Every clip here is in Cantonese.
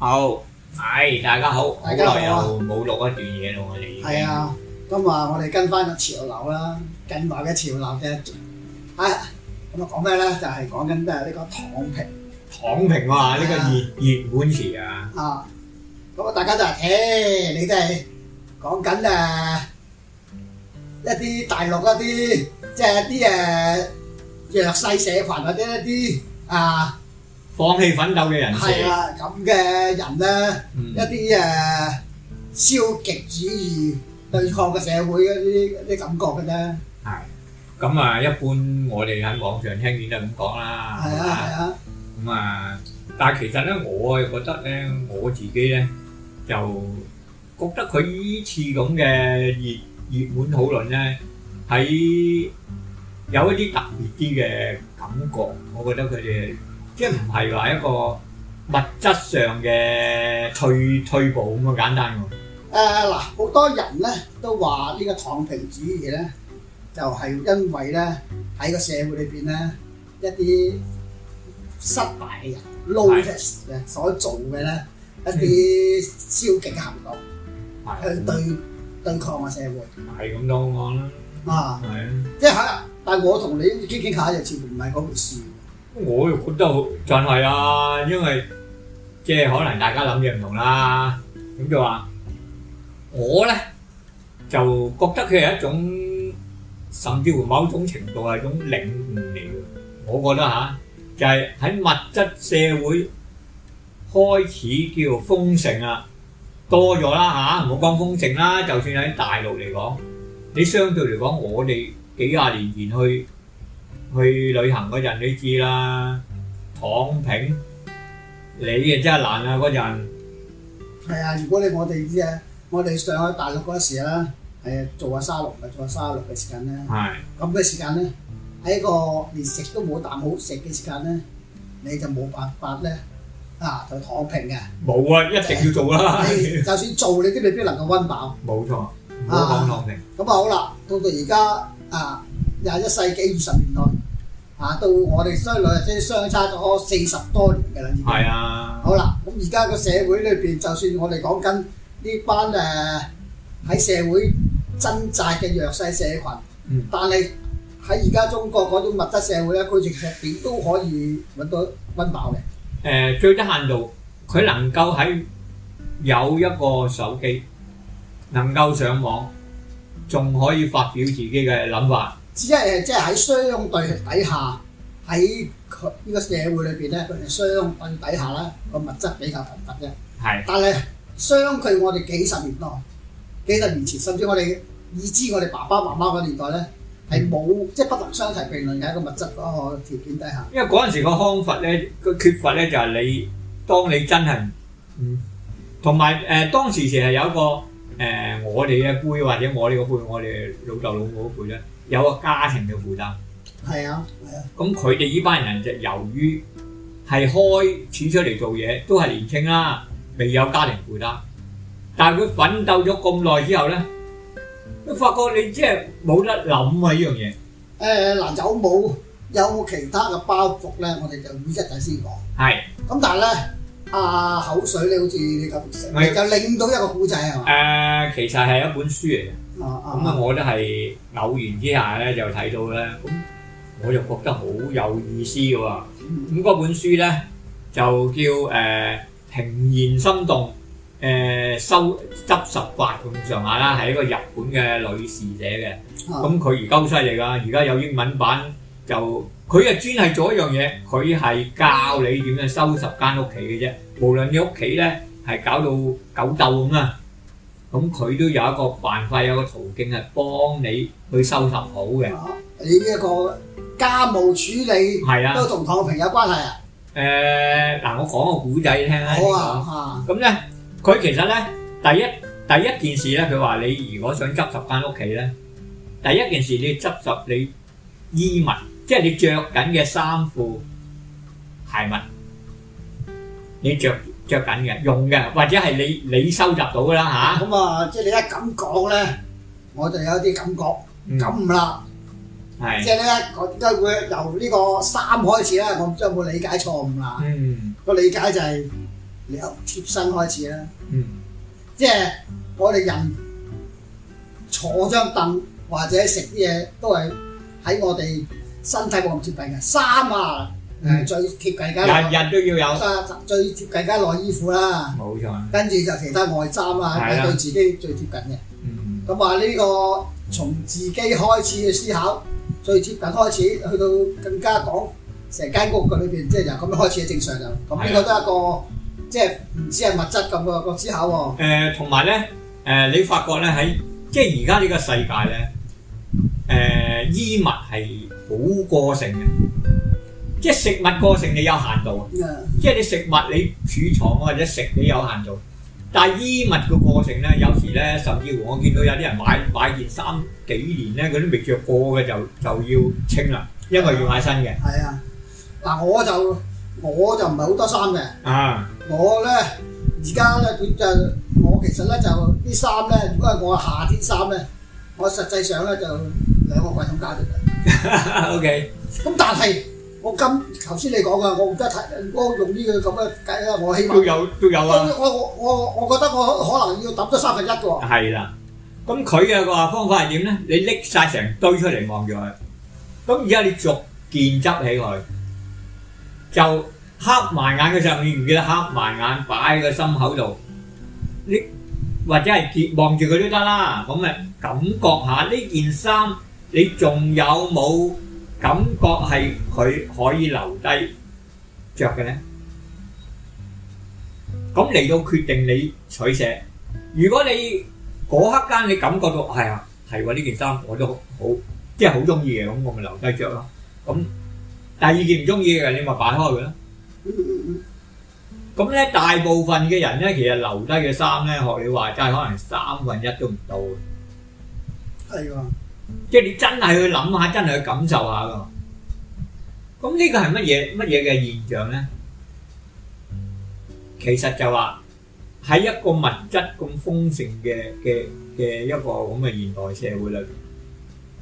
好，係、oh, 大家好，好耐又冇錄一段嘢咯，我哋已經係啊，今日我哋跟翻個潮流啦，近代嘅潮流嘅，係咁啊講咩咧？就係講緊誒呢個躺平，躺平哇，呢個熱熱門詞啊，啊，咁啊大家都係，誒，你都係講緊誒一啲大陸一啲即係啲誒弱勢社群或者一啲啊。放棄奮鬥嘅人，士，係啦咁嘅人咧，嗯、一啲誒消極主義對抗嘅社會嗰啲啲感覺嘅啫。係咁啊，一般我哋喺網上聽見都咁講啦。係啊係啊。咁吧啊，嗯、但係其實咧，我又覺得咧，我自己咧就覺得佢呢次咁嘅熱熱門討論咧，喺有一啲特別啲嘅感覺。我覺得佢哋。即係唔係話一個物質上嘅退退步咁簡單㗎？誒嗱、呃，好多人咧都話呢個躺平主義咧，就係、是、因為咧喺個社會裏邊咧一啲失敗嘅人 loser 嘅所做嘅咧一啲消極嘅行動， 去對 對，對抗個社會。係咁都講啦，啊，即係嚇！但係我同你傾傾下就似乎唔係嗰回事。我又覺得，仲係因為，即係可能大家諗嘅唔同啦。咁就話我咧，就覺得佢係一種，甚至乎某種程度係一種領悟嚟嘅。我覺得嚇、啊，就係、是、喺物質社會開始叫豐盛啊，多咗啦嚇。唔好講豐盛啦，就算喺大陸嚟講，你相對嚟講，我哋幾廿年前去。去旅行嗰陣你知啦，躺平，你啊真係難啊嗰陣。係啊，如果你我哋知啊，我哋上去大陸嗰時啦，誒做下沙龍，做下沙龍嘅時間咧，咁嘅是時間咧，喺一個連食都冇啖好食嘅時間咧，你就冇辦法咧、啊，啊就躺平嘅。冇啊，一定要做啦，呃、就算做你都 未必能夠温飽。冇錯，唔好講躺、躺平。咁啊好啦，到到而家啊廿一世紀二十,十年代。啊！到我哋相兩日先相差咗四十多年嘅啦，已經。係啊。好啦，咁而家個社會裏邊，就算我哋講緊呢班誒喺、啊、社會掙扎嘅弱勢社群，嗯，但係喺而家中國嗰種物質社會咧，佢其實點都可以搵到温飽嘅。誒、呃，最低限度，佢能夠喺有一個手機，能夠上網，仲可以發表自己嘅諗法。只係即係喺相對底下，喺呢個社會裏邊咧，佢係相對底下咧，個物質比較貧乏啫。係是，但係相距我哋幾十年代，幾十年前，甚至我哋已知我哋爸爸媽媽嗰年代咧，係冇即係不能相提並論嘅一個物質嗰個條件底下。因為嗰陣時個康佛咧，個缺乏咧就係你，當你真係唔同埋誒當時成日有一個誒、呃、我哋嘅輩或者我哋嗰輩，我哋老豆老母嗰輩咧。有個家庭嘅負擔，係啊，咁佢哋呢班人就由於係開始出嚟做嘢，都係年青啦，未有家庭負擔。但係佢奮鬥咗咁耐之後咧，佢發覺你真係冇得諗、呃、是啊！呢樣嘢，誒嗱，有冇有冇其他嘅包袱咧？我哋就五一陣先講。係。咁但係咧，啊口水你好似你咁成日就令到一個古仔係嘛？誒是、呃，其實係一本書嚟嘅。咁啊、嗯嗯！我都係偶然之下咧就睇到咧，咁我又覺得好有意思嘅喎、啊。咁、那、嗰、個、本書咧就叫誒、呃、怦然心動，誒、呃、收執十法咁上下啦，係一個日本嘅女士寫嘅。咁佢而家好犀利噶，而家、嗯、有英文版，就佢啊專係做一樣嘢，佢係教你點樣收拾間屋企嘅啫。無論你屋企咧係搞到狗竇咁啊！咁佢都有一個辦法，有個途徑係幫你去收拾好嘅、啊。你呢一個家務處理、啊、都同躺平有關係啊？誒嗱、呃，我講個古仔你聽啊。好啊。咁咧、啊，佢、啊、其實咧，第一第一件事咧，佢話你如果想執拾返屋企咧，第一件事你要執拾你衣物，即係你着緊嘅衫褲鞋襪，你着。着緊嘅，用嘅，或者係你你收集到嘅啦吓，咁啊，嗯、即係你一咁講咧，我就有啲感覺咁啦。係。是即係咧，點解會由呢個衫開始咧？我有冇理解錯誤啊？嗯。個理解就係由貼身開始啦。嗯。即係我哋人坐張凳或者食啲嘢，都係喺我哋身體旁邊嘅衫啊。誒，最貼近嘅日日都要有，最貼近嘅內衣服啦，冇、嗯、錯。跟住就其他外衫啊，係、啊、對自己最貼近嘅。咁話呢個從自己開始嘅思考，嗯、最貼近開始去到更加講成間屋嘅裏邊，即、就、係、是、由咁樣開始正常就。咁呢、啊、個都一個即係唔知係物質咁個個思考喎、啊。同埋咧，誒、呃，你發覺咧喺即係而家呢個世界咧，誒、呃，衣物係好個性嘅。即係食物過剩，你有限度。Yeah. 即係你食物你儲藏或者食你有限度，但係衣物個過剩咧，有時咧甚至乎我見到有啲人買買件衫幾年咧，佢都未着過嘅就就要清啦，因為要買新嘅。係啊，嗱，我就、uh. 我就唔係好多衫嘅啊。我咧而家咧，佢就我其實咧就啲衫咧，如果係我夏天衫咧，我實際上咧就兩個櫃桶加住嘅。 o Okay . K。咁但係。我今頭先你講㗎，我覺得我用呢個咁嘅計咧，我希望都有都有啊！我我我我覺得我可能要揼咗三分一嘅喎。係啦，咁佢嘅話方法係點咧？你拎曬成堆出嚟望住佢，咁而家你逐件執起佢，就黑埋眼嘅時候，你唔記得黑埋眼，擺喺個心口度，你或者係望住佢都得啦。咁咪感覺下呢件衫，你仲有冇？感覺係佢可以留低著嘅咧，咁嚟到決定你取捨。如果你嗰刻間你感覺到係啊，係喎，呢件衫我都好，即係好中意嘅，咁我咪留低著咯。咁第二件唔中意嘅，你咪擺開佢咯。咁咧，大部分嘅人咧，其實留低嘅衫咧，學你話齋，可能三分一都唔到。係喎。即係你真係去諗下，真係去感受下咯。咁呢個係乜嘢乜嘢嘅現象咧？嗯，其實就話喺一個物質咁豐盛嘅嘅嘅一個咁嘅現代社會裏邊，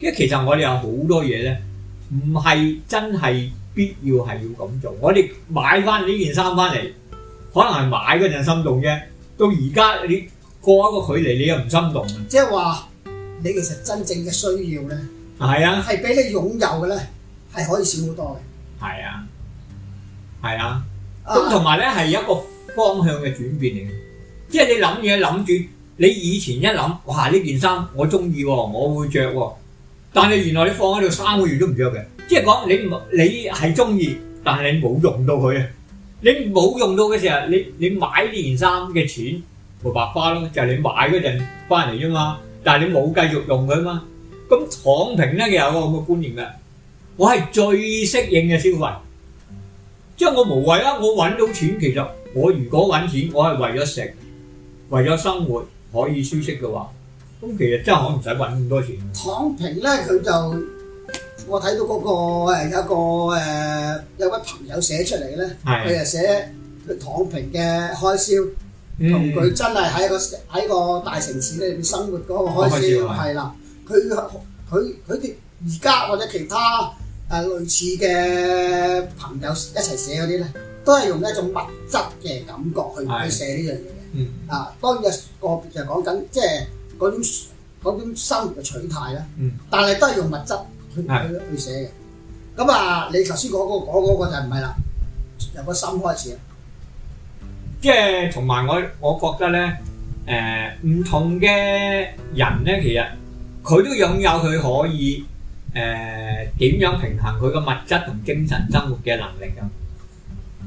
即係其實我哋有好多嘢咧，唔係真係必要係要咁做。我哋買翻呢件衫翻嚟，可能係買嗰陣心動啫。到而家你過一個距離，你又唔心動。即係話。你其實真正嘅需要咧，係啊，係俾你擁有嘅咧，係可以少好多嘅。係啊，係啊，咁同埋咧係一個方向嘅轉變嚟嘅，即係你諗嘢諗住，你以前一諗，哇呢件衫我中意喎，我會着喎，但係原來你放喺度三個月都唔着嘅，即係講你你係中意，但係你冇用到佢啊。你冇用到嘅時候，你你買呢件衫嘅錢冇白花咯，就係你買嗰陣翻嚟啫嘛。但係你冇繼續用佢啊嘛？咁躺平咧，佢有個咁嘅觀念嘅，我係最適應嘅消費。嗯、即係我無謂啦，我揾到錢，其實我如果揾錢，我係為咗食，為咗生活可以舒適嘅話，咁其實真係可能唔使揾咁多錢。躺平咧，佢就我睇到嗰個誒有個誒有位朋友寫出嚟嘅咧，佢就寫佢躺平嘅開銷。同佢真係喺個喺個大城市裏面，生活嗰個開始係啦。佢佢佢哋而家或者其他誒、呃、類似嘅朋友一齊寫嗰啲咧，都係用一種物質嘅感覺去去寫呢樣嘢嘅。嗯、啊，當然個別就講緊即係嗰種生活嘅取態啦。嗯、但係都係用物質去去是的 去寫嘅。咁啊，你頭先講嗰嗰個就唔係啦，由個心開始啊。即係同埋我，我覺得咧，誒、呃、唔同嘅人咧，其實佢都擁有佢可以誒點、呃、樣平衡佢嘅物質同精神生活嘅能力嘅。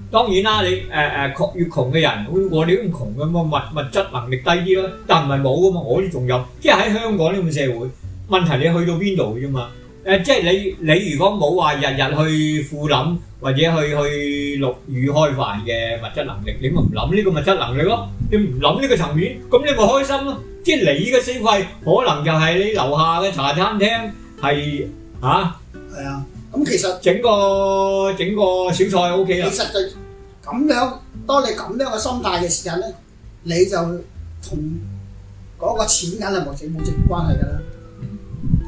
當然啦，你誒誒、呃、越窮嘅人，我哋都唔窮嘅嘛，物物質能力低啲囉，但唔係冇㗎嘛，我啲仲有。即係喺香港呢種社會，問題你去到邊度啫嘛？誒、呃，即係你你如果冇話日日去富臨，或者去去陸羽開飯嘅物質能力，你咪唔諗呢個物質能力咯。你唔諗呢個層面，咁你咪開心咯、啊。即係你嘅消費，可能就係你樓下嘅茶餐廳，係吓？係啊，咁、啊嗯、其實整個整個小菜 OK 啦。其實就咁樣，當你咁樣嘅心態嘅時候咧，你就同嗰個錢緊係冇直接關係㗎啦。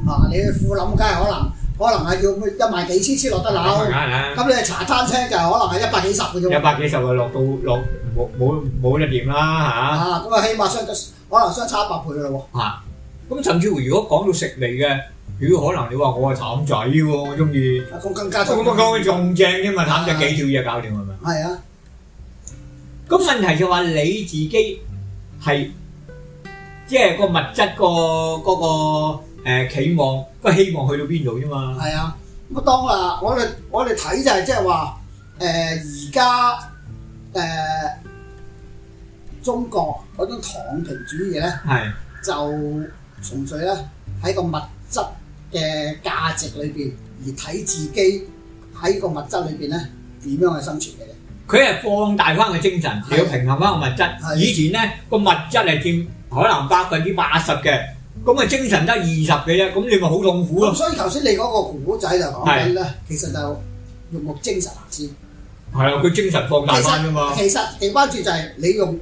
啊！你去富林梗係可能，可能係要咩一萬幾千先落得樓，咁你茶餐廳就可能係一百幾十嘅啫喎。一百幾十啊，落到落冇冇冇得掂啦嚇！咁啊，嚇，起碼相可能相差一百倍咯喎。咁甚至乎如果講到食嚟嘅，如果可能你話我係㖏仔喎，我中意。咁更加。咁啊，仲正添嘛。㖏仔幾條嘢搞掂係咪？係啊。咁問題就話你自己係即係個物質個嗰個。誒期、呃、望，都係希望去到邊度啫嘛？係啊，咁啊、嗯、當啊我哋我哋睇就係即係話，誒而家誒中國嗰種躺平主義咧，啊、就純粹咧喺個物質嘅價值裏邊而睇自己喺個物質裏邊咧點樣去生存嘅。佢係放大翻個精神，要平衡翻個物質。啊啊啊、以前咧個物質係佔可能百分之八十嘅。咁咪精神得二十嘅啫，咁你咪好痛苦咯。所以頭先你講個故仔就講緊啦，是啊、其實就用個精神行先。係啊，佢精神放大翻啫嘛。其實其實提就係你用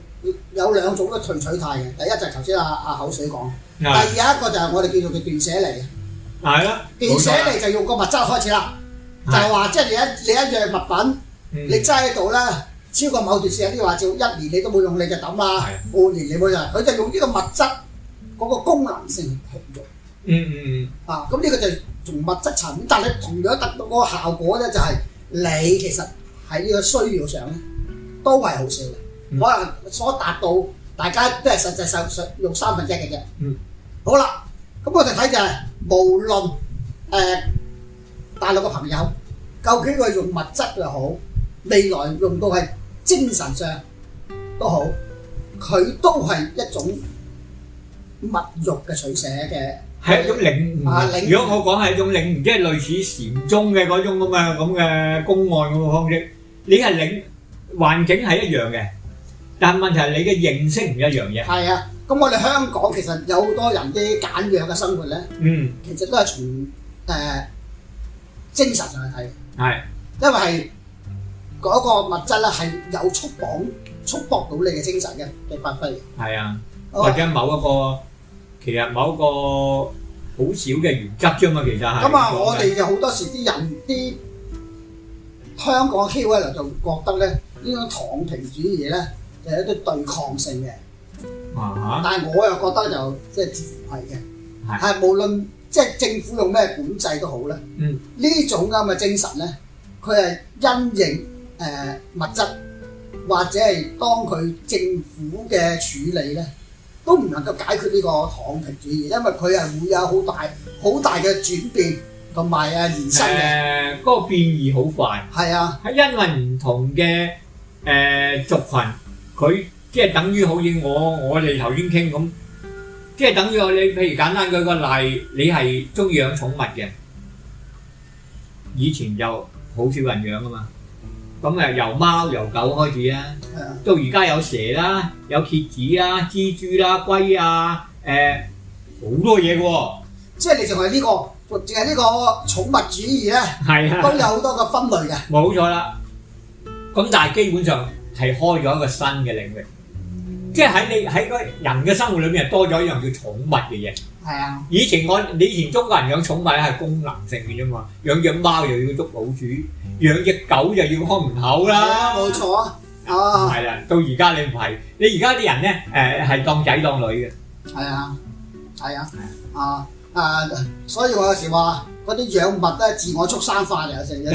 有兩種嘅存取態嘅，第一就係頭先阿阿口水講，第二有一個就係我哋叫做佢斷捨離。係啦，斷捨離就用、個物質開始啦，就話即係你一是、啊、你一樣物品，是啊、你擠喺度咧，是啊、超過某段時間啲話照，一年你都冇用，你就抌啦。半年你冇用，佢就用呢個物質。是啊嗰個功能性強咗、嗯，嗯嗯，啊，咁呢個就從物質層，但係同樣達到嗰個效果咧，就係、是、你其實喺呢個需要上咧都係好少嘅，可能、嗯、所達到大家都係實際上用三分之一嘅啫。嗯，好啦，咁我哋睇就係、是、無論誒、呃、大陸嘅朋友，究竟佢用物質又好，未來用到係精神上都好，佢都係一種。物欲嘅取捨嘅係一種領悟。如果我講係一種領悟，即係類似禪宗嘅嗰種咁啊咁嘅公案嗰個方式，你係領環境係一樣嘅，但問題係你嘅認識唔一樣嘢。係啊，咁我哋香港其實有好多人啲簡約嘅生活咧，嗯，其實都係從誒精神上去睇，係因為嗰個物質咧係有束縛束縛到你嘅精神嘅嘅發揮。係啊，或者某一個。其實某一個好少嘅原則啫嘛，嗯、其實係。咁啊、嗯，嗯、我哋就好多時啲人啲香港 cultural 就覺得咧，呢種躺平主義咧，就係一啲對抗性嘅。啊哈！但係我又覺得就即係似乎係嘅，係的無論即係政府用咩管制都好咧。嗯，呢種咁嘅精神咧，佢係因應誒物質或者係當佢政府嘅處理咧，都唔能夠解決呢個躺平主義，因為佢係會有好大好大嘅轉變同埋啊現時嘅。誒，嗰、呃那個變異好快，係啊，係因為唔同嘅誒、呃、族群，佢即係等於好似我我哋頭先傾咁，即係等於我你譬如簡單舉個例，你係鍾意養寵物嘅，以前就好少人養吖嘛。咁誒、嗯、由貓由狗開始啊，是的 到而家有蛇啦，有蠍子啦，啦、蜘蛛啦，龜啊，誒、呃、好多嘢嘅喎，即係你仲係呢個，仲係呢個寵物主義咧，是的 都有好多個分類嘅，冇錯啦。咁但係基本上係開咗一個新嘅領域，嗯、即係喺你喺個人嘅生活裏面，多咗一樣叫寵物嘅嘢。係啊！以前我你以前中國人養寵物係功能性嘅啫嘛，養隻貓又要捉老鼠，養隻狗又要看門口啦。冇錯啊！唔係啦，到而家你唔係，你而家啲人咧，誒，係當仔當女嘅。係啊，係啊，啊啊！所以我有時話嗰啲養物都係自我畜生化嘅成日。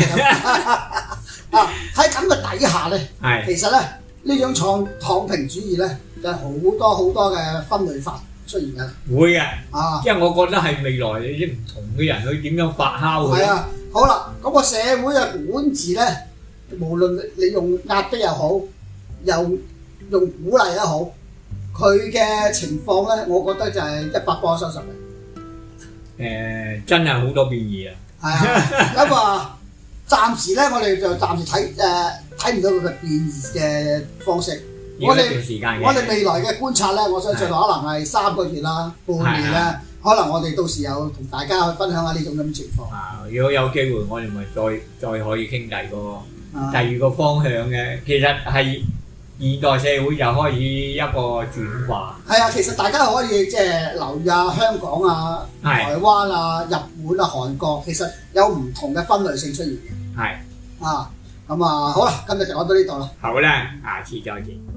啊！喺咁嘅底下咧，係是其實咧呢種創躺平主義咧，就係、是、好多好多嘅分類法。雖然嘅會嘅的啊，即係我覺得係未來啲唔同嘅人去點樣發酵嘅。係啊，好啦，咁、嗰個社會嘅管治咧，無論你用壓迫又好，又用鼓勵都好，佢嘅情況咧，我覺得就係一百八十度。誒、呃，真係好多變異啊！係啊，咁啊，暫時咧，我哋就暫時睇誒睇唔到佢嘅變異嘅方式。我哋我哋未來嘅觀察咧，我想最多可能係三個月啦，的半年啦。可能我哋到時候有同大家去分享下呢種咁情況。啊，如果有機會，我哋咪再再可以傾偈個的第二個方向嘅，其實係現代社會又可以一個轉化。係啊，其實大家可以即係留意下香港啊、的台灣啊、日本啊、韓國，其實有唔同嘅分類性出現嘅。係的啊，咁啊、嗯、好啦，今日就講到呢度啦。好啦，下次再見。